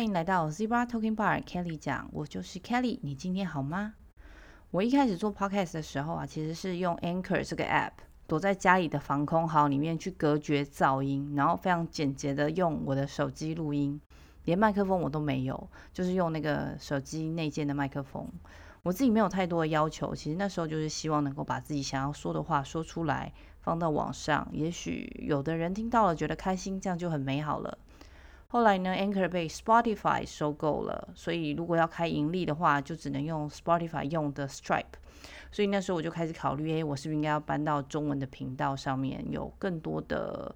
歡迎來到 Zebra Talking Bar。Kelly 講，我就是 Kelly。你今天好嗎？我一開始做 podcast 的時候啊，其實是用 Anchor 這個 app，躲在家裡的防空壕裡面去隔絕噪音，然後非常簡潔的用我的手機錄音，連麥克風我都沒有，就是用那個手機內建的麥克風。我自己沒有太多的要求，其實那時候就是希望能夠把自己想要說的話說出來，放到網上，也許有的人聽到了覺得開心，這樣就很美好了。後來呢，Anchor 被 Spotify 收購了，所以如果要開盈利的話，就只能用 Spotify 用的 Stripe。所以那時候我就開始考慮，哎，我是不是應該要搬到中文的頻道上面，有更多的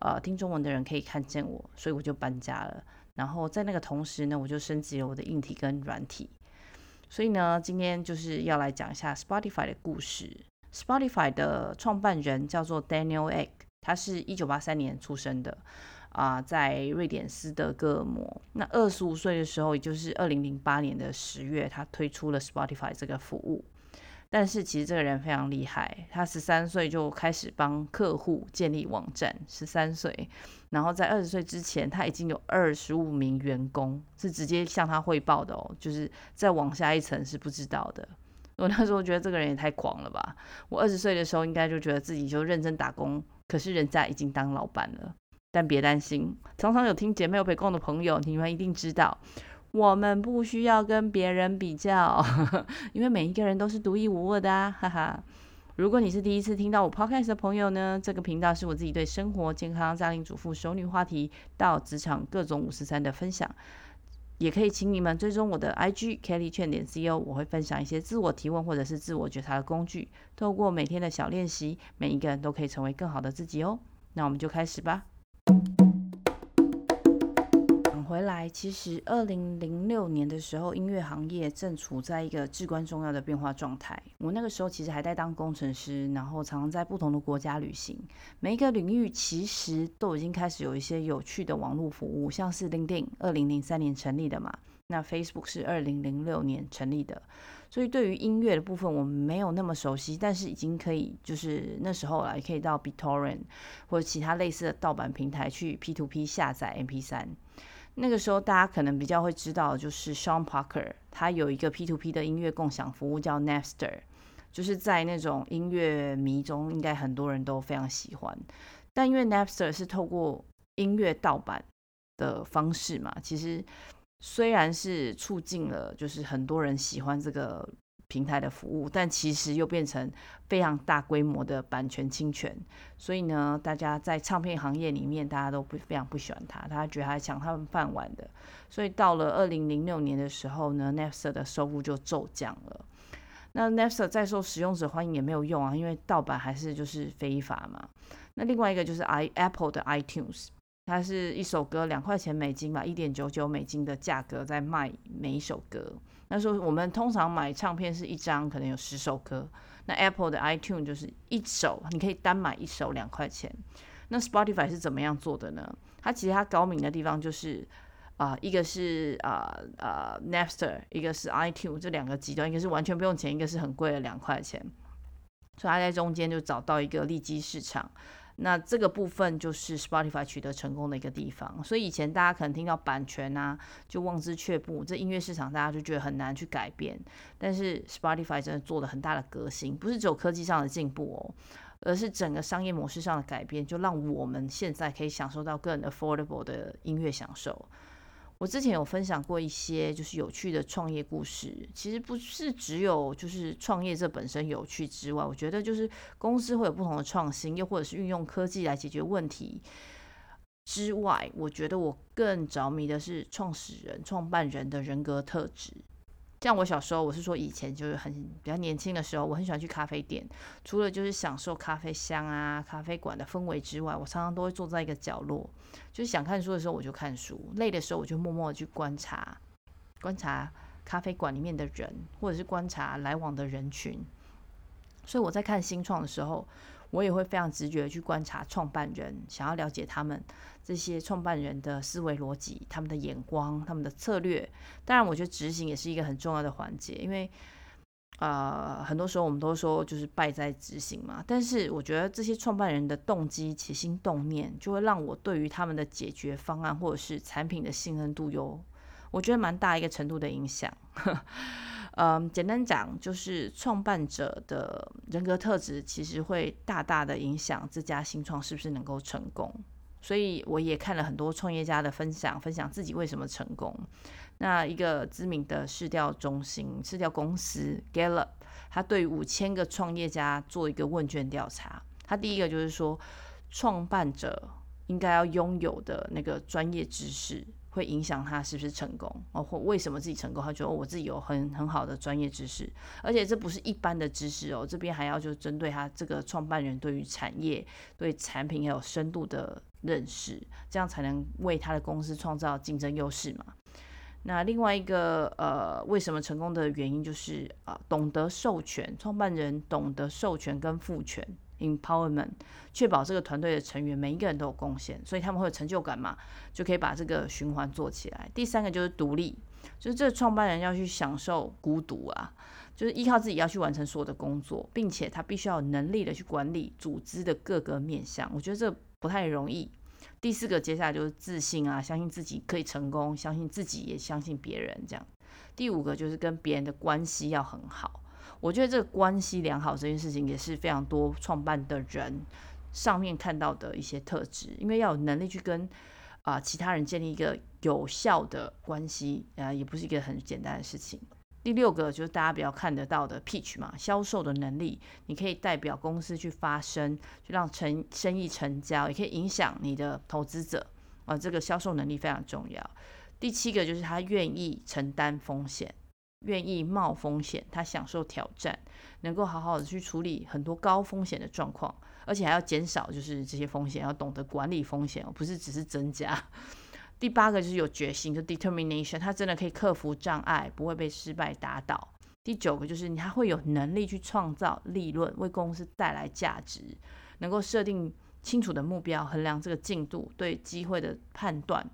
呃聽中文的人可以看見我？所以我就搬家了。然後在那個同時呢，我就升級了我的硬體跟軟體。所以呢，今天就是要來講一下 Spotify 的故事。Spotify 的創辦人叫做 Daniel Ek，他是一九八三年出生的。啊，在瑞典斯德哥爾摩，那二十五歲的時候，也就是二零零八年的十月，他推出了 Spotify 這個服務。但是其實這個人非常厲害，他十三歲就開始幫客戶建立網站，十三歲，然後在二十歲之前，他已經有二十五名員工是直接向他匯報的哦，就是再往下一層是不知道的。我那時候覺得這個人也太狂了吧！我二十歲的時候應該就覺得自己就認真打工，可是人家已經當老板了。但別擔心，常常有聽姐妹有被供的朋友，你們一定知道，我們不需要跟別人比較，呵呵，因為每一個人都是獨一無二的啊，哈哈。如果你是第一次聽到我 podcast 的朋友呢，這個頻道是我自己對生活、健康、家庭主婦、熟女話題到職場各種五十三的分享。也可以請你們追蹤我的 IG Kelly 勸點 C O，我會分享一些自我提問或者是自我覺察的工具，透過每天的小練習，每一個人都可以成為更好的自己哦。那我們就開始吧。回來，其實二零零六年的時候，音樂行業正處在一個至關重要的變化狀態。我那個時候其實還在當工程師，然後常常在不同的國家旅行。每一個領域其實都已經開始有一些有趣的網絡服務，像是 LinkedIn 二零零三年成立的嘛。那 Facebook 是二零零六年成立的，所以對於音樂的部分，我們沒有那麼熟悉，但是已經可以，就是那時候啊，也可以到 BitTorrent 或者其他類似的盜版平台去 P to P 下載 MP 三。那個時候，大家可能比較會知道，就是 Sean Parker，他有一個 P2P 的音樂共享服務叫 Napster，就是在那種音樂迷中，應該很多人都非常喜歡。但因為 Napster 是透過音樂盜版的方式嘛，其實雖然是促進了，就是很多人喜歡這個。平台的服務，但其實又變成非常大規模的版權侵權，所以呢，大家在唱片行業裡面，大家都不非常不喜歡他，他覺得還搶他們飯碗的，所以到了二零零六年的時候呢 Napster 的收入就驟降了。那 Napster 再受使用者歡迎也沒有用啊，因為盜版還是就是非法嘛。那另外一個就是 App i Apple 的 iTunes。它是一首歌，兩塊錢美金吧，一點九九美金的價格在賣每一首歌。那時候我們通常買唱片是一張，可能有十首歌。那 Apple 的 iTunes 就是一首，你可以單買一首兩塊錢。那 Spotify 是怎麼樣做的呢？它其實它高明的地方就是啊、呃，一個是啊啊、呃呃、Napster，一個是 iTunes，這兩個極端，一個是完全不用錢，一個是很貴的兩塊錢。所以它在中間就找到一個利基市場。那這個部分就是 Spotify 取得成功的一個地方，所以以前大家可能聽到版權啊就望之卻步，這音樂市場大家就覺得很難去改變，但是 Spotify 真的做了很大的革新，不是只有科技上的進步哦，而是整個商業模式上的改變，就讓我們現在可以享受到更 affordable 的音樂享受。我之前有分享過一些就是有趣的創業故事，其實不是只有就是創業者本身有趣之外，我覺得就是公司會有不同的創新，又或者是運用科技來解決問題之外，我覺得我更着迷的是創始人、創辦人的人格特質。像我小時候，我是說以前就是很比較年輕的時候，我很喜歡去咖啡店，除了就是享受咖啡香啊、咖啡館的氛圍之外，我常常都會坐在一個角落，就是想看書的時候我就看書，累的時候我就默默地去觀察，觀察咖啡館裡面的人，或者是觀察來往的人群。所以我在看新創的時候，我也會非常直覺地去觀察創辦人，想要了解他們這些創辦人的思維邏輯、他們的眼光、他們的策略。當然，我覺得執行也是一個很重要的環節，因為，呃，很多時候我們都說就是敗在執行嘛。但是我覺得這些創辦人的動機、起心動念，就會讓我對於他們的解決方案或者是產品的信任度有我覺得蠻大一個程度的影響， 嗯，簡單講就是創辦者的人格特質其實會大大的影響這家新創是不是能夠成功。所以我也看了很多創業家的分享，分享自己為什麼成功。那一個知名的市調中心、市調公司 Gallup，他對五千個創業家做一個問卷調查，他第一個就是說，創辦者應該要擁有的那個專業知識，會影響他是不是成功哦？或為什麼自己成功？他覺得，哦，我自己有很很好的專業知識，而且這不是一般的知識哦。這邊還要就針對他這個創辦人對於產業、對產品有深度的認識，這樣才能為他的公司創造競爭優勢嘛。那另外一個呃，為什麼成功的原因就是啊，懂得授權，創辦人懂得授權跟賦權。Empowerment，確保這個團隊的成員每一個人都有貢獻，所以他們會有成就感嘛，就可以把這個循環做起來。第三個就是獨立，就是這個創辦人要去享受孤獨啊，就是依靠自己要去完成所有的工作，並且他必須要有能力的去管理組織的各個面向。我覺得這不太容易。第四個接下來就是自信啊，相信自己可以成功，相信自己也相信別人這樣。第五個就是跟別人的關係要很好。我覺得這個關係良好這件事情也是非常多創辦的人上面看到的一些特質，因為要有能力去跟啊、呃、其他人建立一個有效的關係，啊、呃，也不是一個很簡單的事情。第六個就是大家比較看得到的 pitch 嘛，銷售的能力，你可以代表公司去發聲，去讓成生意成交，也可以影響你的投資者，啊、呃、這個銷售能力非常重要。第七個就是他願意承擔風險。願意冒風險，他享受挑戰，能夠好好的去處理很多高風險的狀況，而且還要減少就是這些風險，要懂得管理風險，而不是只是增加。第八個就是有決心，就 determination，他真的可以克服障礙，不會被失敗打倒。第九個就是你他會有能力去創造利潤，為公司帶來價值，能夠設定清楚的目標，衡量這個進度，對機會的判斷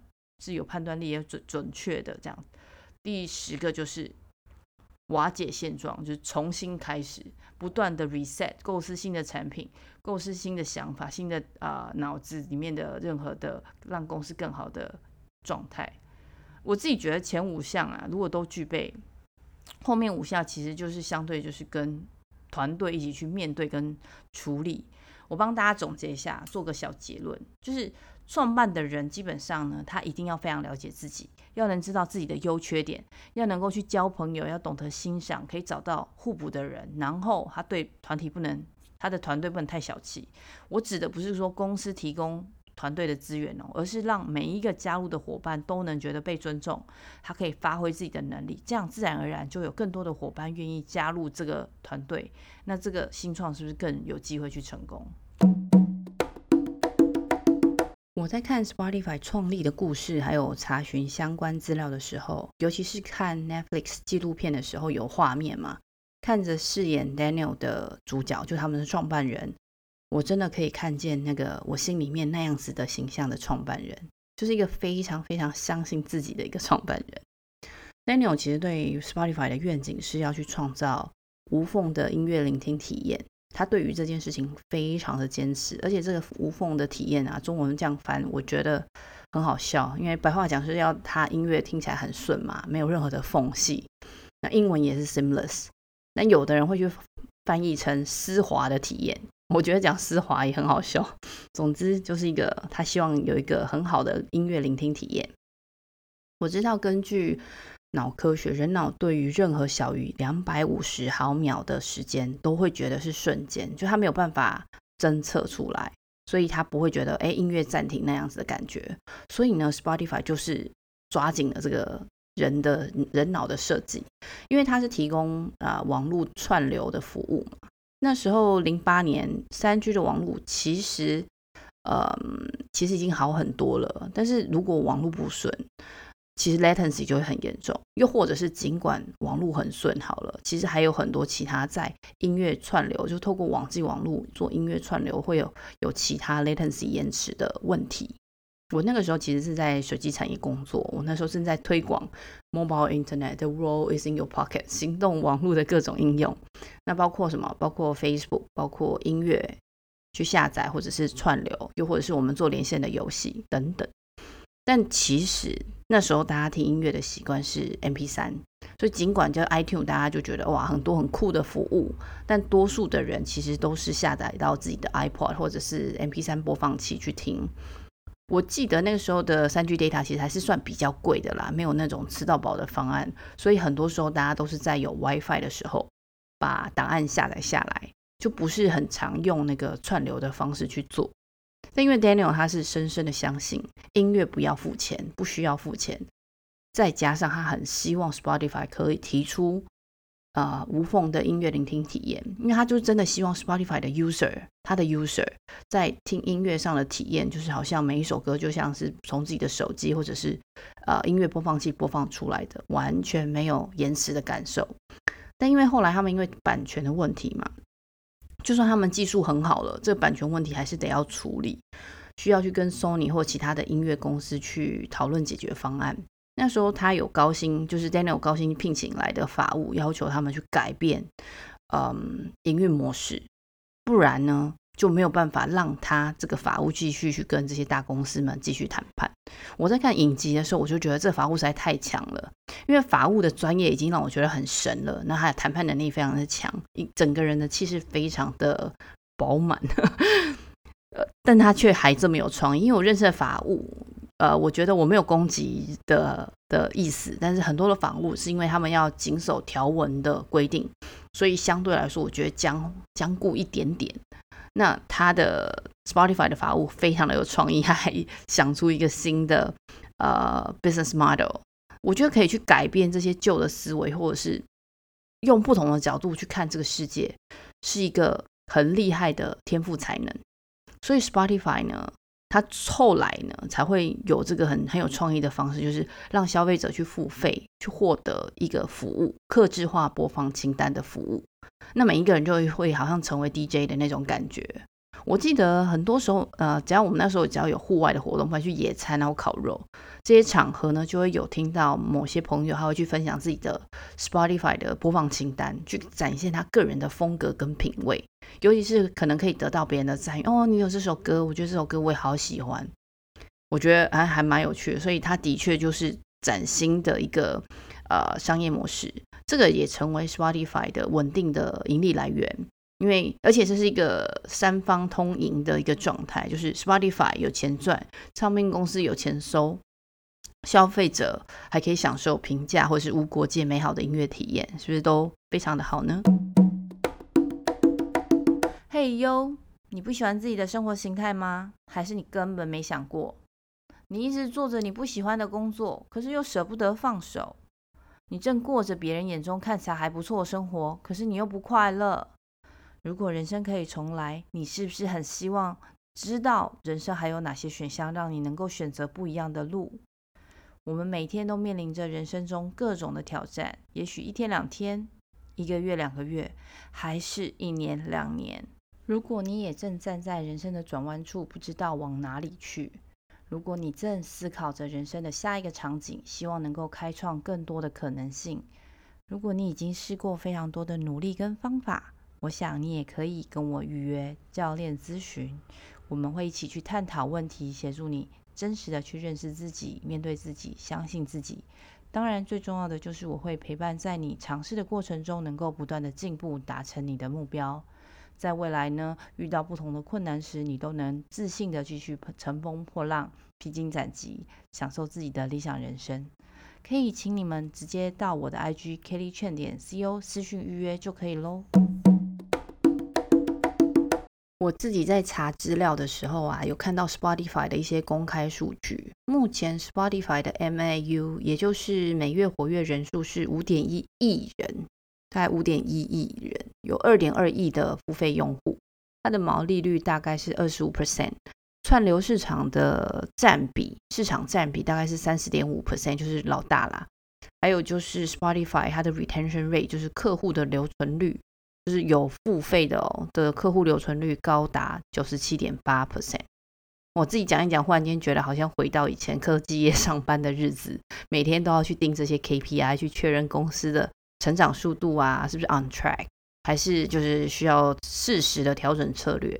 是有判斷力，也準準確的這樣。第十個就是。瓦解現狀就是重新開始，不斷的 reset，構思新的產品，構思新的想法，新的啊腦子裡面的任何的讓公司更好的狀態。我自己覺得前五項啊，如果都具備，後面五項其實就是相對就是跟團隊一起去面對跟處理。我幫大家總結一下，做個小結論，就是創辦的人基本上呢，他一定要非常了解自己。要能知道自己的優缺點，要能夠去交朋友，要懂得欣賞，可以找到互補的人。然後他對團體不能，他的團隊不能太小氣。我指的不是說公司提供團隊的資源哦，而是讓每一個加入的夥伴都能覺得被尊重，他可以發揮自己的能力，這樣自然而然就有更多的夥伴願意加入這個團隊。那這個新創是不是更有機會去成功？我在看 Spotify 創立的故事，還有查詢相關資料的時候，尤其是看 Netflix 紀錄片的時候，有畫面嘛，看着飾演 Daniel 的主角，就他們的創辦人，我真的可以看見那個我心裡面那樣子的形象的創辦人，就是一個非常非常相信自己的一個創辦人。Daniel 其實對 Spotify 的願景是要去創造無縫的音樂聆聽體驗。他對於這件事情非常的堅持，而且這個無縫的體驗啊，中文這樣翻我覺得很好笑，因為白話講是要他音樂聽起來很順嘛，沒有任何的縫隙。那英文也是 seamless，那有的人會去翻譯成絲滑的體驗，我覺得講絲滑也很好笑。總之就是一個他希望有一個很好的音樂聆聽體驗。我知道根據，腦科學，人腦對於任何小於兩百五十毫秒的時間，都會覺得是瞬間，就他沒有辦法偵測出來，所以他不會覺得哎、欸，音樂暫停那樣子的感覺。所以呢，Spotify 就是抓緊了這個人的人腦的設計，因為它是提供啊、呃、網絡串流的服務。那時候零八年三 G 的網絡其實，嗯、呃，其實已經好很多了，但是如果網絡不順。其實 latency 就會很嚴重，又或者是儘管網路很順好了，其實還有很多其他在音樂串流，就透過網際網路做音樂串流會有有其他 latency 延遲的問題。我那個時候其實是在手機產業工作，我那時候正在推廣 mobile internet, the world is in your pocket 行動網路的各種應用，那包括什麼？包括 Facebook，包括音樂去下載或者是串流，又或者是我們做連線的遊戲等等。但其實那時候大家聽音樂的習慣是 MP3，所以儘管叫 iTunes，大家就覺得哇，很多很酷的服務，但多數的人其實都是下載到自己的 iPod 或者是 MP3 播放器去聽。我記得那個時候的 3G data 其實還是算比較貴的啦，沒有那種吃到飽的方案，所以很多時候大家都是在有 WiFi 的時候把檔案下載下來，就不是很常用那個串流的方式去做。但因為 Daniel 他是深深的相信音樂不要付錢，不需要付錢，再加上他很希望 Spotify 可以提出呃無縫的音樂聆聽體驗，因為他就真的希望 Spotify 的 user，他的 user 在聽音樂上的體驗就是好像每一首歌就像是從自己的手機或者是呃音樂播放器播放出來的，完全沒有延遲的感受。但因為後來他們因為版權的問題嘛。就算他們技術很好了，這個版權問題還是得要處理，需要去跟 Sony 或其他的音樂公司去討論解決方案。那時候他有高薪，就是 Daniel 高薪聘請來的法務，要求他們去改變，嗯，營運模式，不然呢？就沒有辦法讓他這個法務繼續去跟這些大公司們繼續談判。我在看影集的時候，我就覺得這個法務實在太強了，因為法務的專業已經讓我覺得很神了。那他的談判能力非常的強，一整個人的氣勢非常的飽滿， 呃，但他卻還這麼有創意。因為我認識的法務，呃，我覺得我沒有攻擊的的意思，但是很多的法務是因為他們要謹守條文的規定，所以相對來說，我覺得僵僵固一點點。那他的 Spotify 的法務非常的有創意，他還想出一個新的呃 business model，我覺得可以去改變這些舊的思維，或者是用不同的角度去看這個世界，是一個很厲害的天賦才能。所以 Spotify 呢，它後來呢才會有這個很很有創意的方式，就是讓消費者去付費去獲得一個服務，客制化播放清單的服務。那每一個人就會好像成為 DJ 的那種感覺。我記得很多時候，呃，只要我們那時候只要有戶外的活動，或者去野餐然後烤肉這些場合呢，就會有聽到某些朋友還會去分享自己的 Spotify 的播放清單，去展現他個人的風格跟品味。尤其是可能可以得到別人的讚譽，哦，你有這首歌，我覺得這首歌我也好喜歡。我覺得哎，還蠻有趣的。所以他的確就是嶄新的一個。呃，商業模式這個也成為 Spotify 的穩定的盈利來源，因為而且這是一個三方通贏的一個狀態，就是 Spotify 有錢賺，唱片公司有錢收，消費者還可以享受平價或是無國界美好的音樂體驗，是不是都非常的好呢？嘿喲，你不喜歡自己的生活形態嗎？還是你根本沒想過，你一直做着你不喜歡的工作，可是又捨不得放手。你正過着別人眼中看起來還不錯的生活，可是你又不快樂。如果人生可以重來，你是不是很希望知道人生還有哪些選項，讓你能夠選擇不一樣的路？我們每天都面臨着人生中各種的挑戰，也許一天兩天，一個月兩個月，還是一年兩年。如果你也正站在人生的轉彎處，不知道往哪裡去。如果你正思考着人生的下一個場景，希望能夠開創更多的可能性。如果你已經試過非常多的努力跟方法，我想你也可以跟我預約教練諮詢，我們會一起去探討問題，協助你真實的去認識自己、面對自己、相信自己。當然，最重要的就是我會陪伴在你嘗試的過程中，能夠不斷的進步，達成你的目標。在未來呢，遇到不同的困難時，你都能自信地繼續乘風破浪、披荊斬棘，享受自己的理想人生。可以請你們直接到我的 IG Kelly Chen 點 CO 私訊預約就可以嘍。 我自己在查資料的時候啊，有看到 Spotify 的一些公開數據，目前 Spotify 的 MAU，也就是每月活躍人數是五點一億人。大概五點一億人，有二點二億的付費用戶，它的毛利率大概是二十五 percent，串流市場的占比，市場占比大概是三十點五 percent，就是老大啦。還有就是 Spotify，它的 retention rate，就是客戶的留存率，就是有付費的哦的客戶留存率高達九十七點八 percent。我自己講一講，忽然間覺得好像回到以前科技業上班的日子，每天都要去訂這些 KPI，去確認公司的成長速度啊，是不是 on track？還是就是需要適時的調整策略？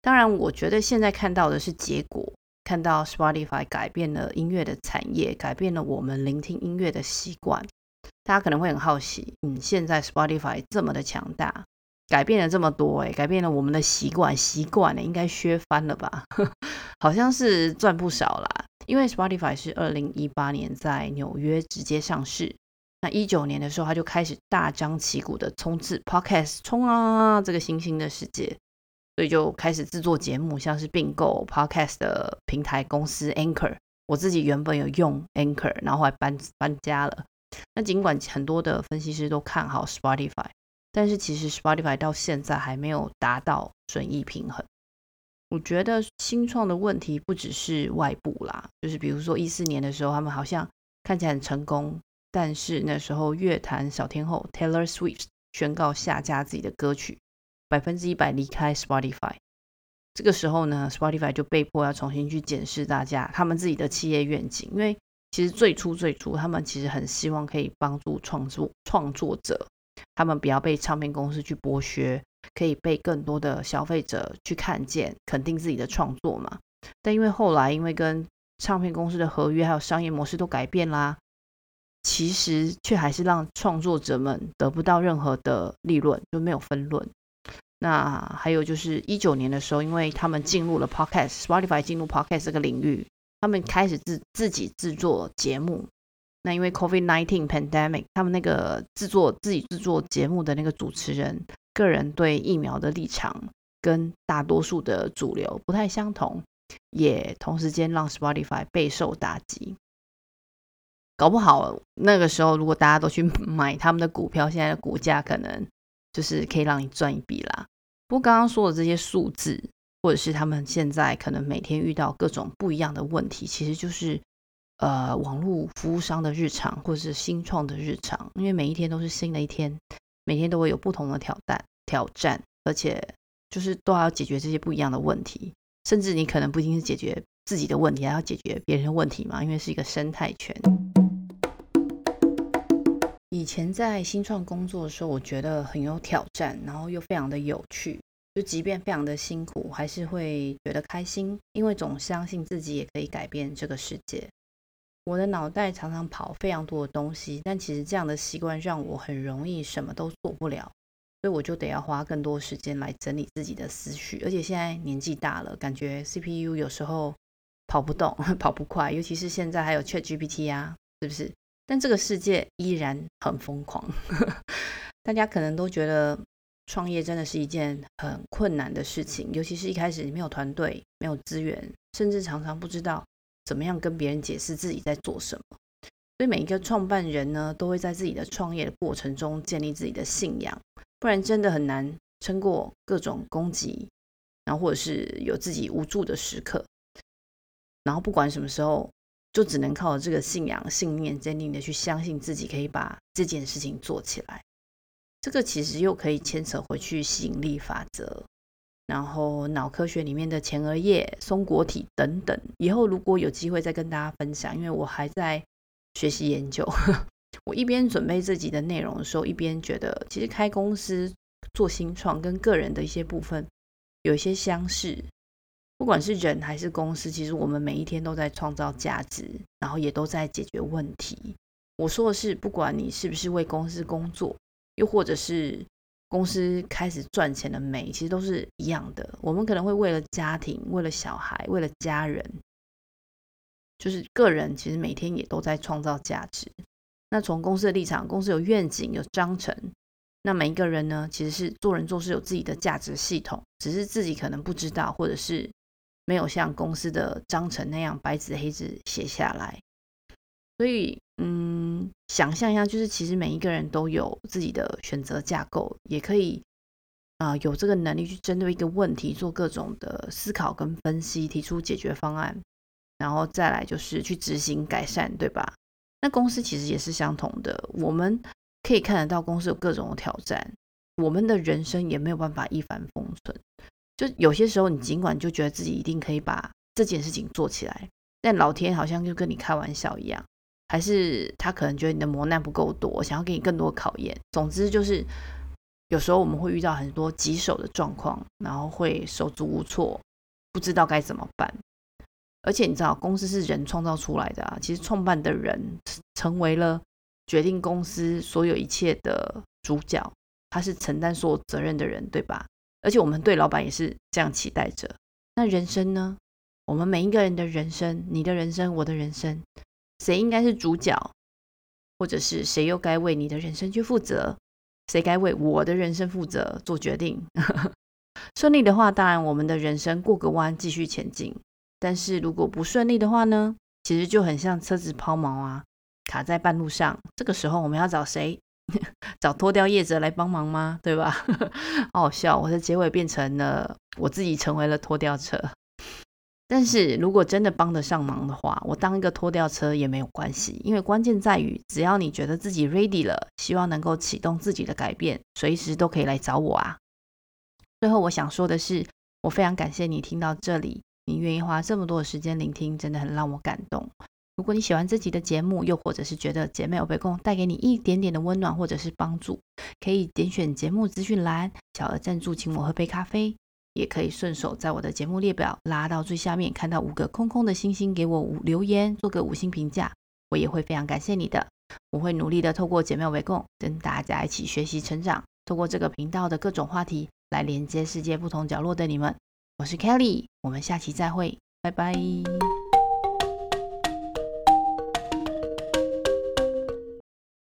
當然，我覺得現在看到的是結果，看到 Spotify 改變了音樂的產業，改變了我們聆聽音樂的習慣。大家可能會很好奇，嗯，現在 Spotify 這麼的強大，改變了這麼多，哎，改變了我們的習慣，習慣了應該削翻了吧？ 好像是賺不少啦，因為 Spotify 是二零一八年在紐約直接上市。那一九年的時候，他就開始大張旗鼓的衝刺 podcast，衝啊！這個新興的世界，所以就開始制作節目，像是併購 podcast 的平台公司 Anchor。我自己原本有用 Anchor，然後後來搬搬家了。那儘管很多的分析師都看好 Spotify，但是其實 Spotify 到現在還沒有達到損益平衡。我覺得新創的問題不只是外部啦，就是比如說一四年的時候，他們好像看起來很成功。但是那時候，樂壇小天後 Taylor Swift 宣告下架自己的歌曲，百分之一百離開 Spotify。這個時候呢，Spotify 就被迫要重新去檢視大家他們自己的企業願景，因為其實最初最初，他們其實很希望可以幫助創作創作者，他們不要被唱片公司去剝削，可以被更多的消費者去看見，肯定自己的創作嘛。但因為後來，因為跟唱片公司的合約還有商業模式都改變啦。其實卻還是讓創作者們得不到任何的利潤，就沒有分潤。那還有就是一九年的時候，因為他們進入了 podcast，Spotify 進入 podcast 這個領域，他們開始自自己制作節目。那因為 COVID-19 pandemic，他們那個制作自己制作節目的那個主持人，個人對疫苗的立場跟大多數的主流不太相同，也同時間讓 Spotify 備受打擊。搞不好那個時候，如果大家都去買他們的股票，現在的股價可能就是可以讓你賺一筆啦。不過剛剛說的這些數字，或者是他們現在可能每天遇到各種不一樣的問題，其實就是呃網絡服務商的日常，或者是新創的日常，因為每一天都是新的一天，每天都會有不同的挑戰，挑戰，而且就是都要解決這些不一樣的問題，甚至你可能不一定是解決自己的問題，還要解決別人的問題嘛，因為是一個生態圈。以前在新創工作的時候，我覺得很有挑戰，然後又非常的有趣。就即便非常的辛苦，還是會覺得開心，因為總相信自己也可以改變這個世界。我的腦袋常常跑非常多的東西，但其實這樣的習慣讓我很容易什麼都做不了，所以我就得要花更多時間來整理自己的思緒。而且現在年紀大了，感覺 CPU 有時候跑不動、跑不快，尤其是現在還有 ChatGPT 啊，是不是？但這個世界依然很瘋狂， 大家可能都覺得創業真的是一件很困難的事情，尤其是一開始你沒有團隊、沒有資源，甚至常常不知道怎麼樣跟別人解釋自己在做什麼。所以每一個創辦人呢，都會在自己的創業的過程中建立自己的信仰，不然真的很難撐過各種攻擊，然後或者是有自己無助的時刻。然後不管什麼時候。就只能靠這個信仰、信念，堅定的去相信自己可以把這件事情做起來。這個其實又可以牽扯回去吸引力法則，然後腦科學裡面的前額葉、松果體等等。以後如果有機會再跟大家分享，因為我還在學習研究。 我一邊準備自己的內容的時候，一邊覺得其實開公司做新創跟個人的一些部分有一些相似。不管是人還是公司，其實我們每一天都在創造價值，然後也都在解決問題。我說的是，不管你是不是為公司工作，又或者是公司開始賺錢的美，其實都是一樣的。我們可能會為了家庭、為了小孩、為了家人，就是個人其實每天也都在創造價值。那從公司的立場，公司有願景、有章程，那每一個人呢，其實是做人做事有自己的價值系統，只是自己可能不知道，或者是。沒有像公司的章程那樣白紙黑字寫下來，所以嗯，想象一下，就是其實每一個人都有自己的選擇架構，也可以啊、呃、有這個能力去針對一個問題做各種的思考跟分析，提出解決方案，然後再來就是去執行改善，對吧？那公司其實也是相同的，我們可以看得到公司有各種的挑戰，我們的人生也沒有辦法一帆風順。就有些時候，你儘管就覺得自己一定可以把這件事情做起來，但老天好像就跟你開玩笑一樣，還是他可能覺得你的磨難不夠多，想要給你更多考驗。總之就是，有時候我們會遇到很多棘手的狀況，然後會手足無措，不知道該怎麼辦。而且你知道，公司是人創造出來的啊，其實創辦的人成為了決定公司所有一切的主角，他是承擔所有責任的人，對吧？而且我們對老闆也是這樣期待着。那人生呢？我們每一個人的人生，你的人生，我的人生，誰應該是主角？或者是誰又該為你的人生去負責？誰該為我的人生負責做決定？ 順利的話，當然我們的人生過個彎，繼續前進。但是如果不順利的話呢？其實就很像車子拋錨啊，卡在半路上。這個時候我們要找誰？找拖吊業者來幫忙嗎？對吧？ 好，好笑，我的結尾變成了我自己成為了拖吊車。但是如果真的幫得上忙的話，我當一個拖吊車也沒有關係，因為關鍵在於只要你覺得自己 ready 了，希望能夠啟動自己的改變，隨時都可以來找我啊。最後我想說的是，我非常感謝你聽到這裡，你願意花這麼多的時間聆聽，真的很讓我感動。如果你喜歡這集的節目，又或者是覺得姐妹我被供帶給你一點點的溫暖或者是幫助，可以點選節目資訊欄小額贊助，請我喝杯咖啡；也可以順手在我的節目列表拉到最下面，看到五個空空的星星，給我五留言，做個五星評價，我也會非常感謝你的。我會努力的，透過姐妹我被供跟大家一起學習成長，透過這個頻道的各種話題來連接世界不同角落的你們。我是 Kelly，我們下期再會，拜拜。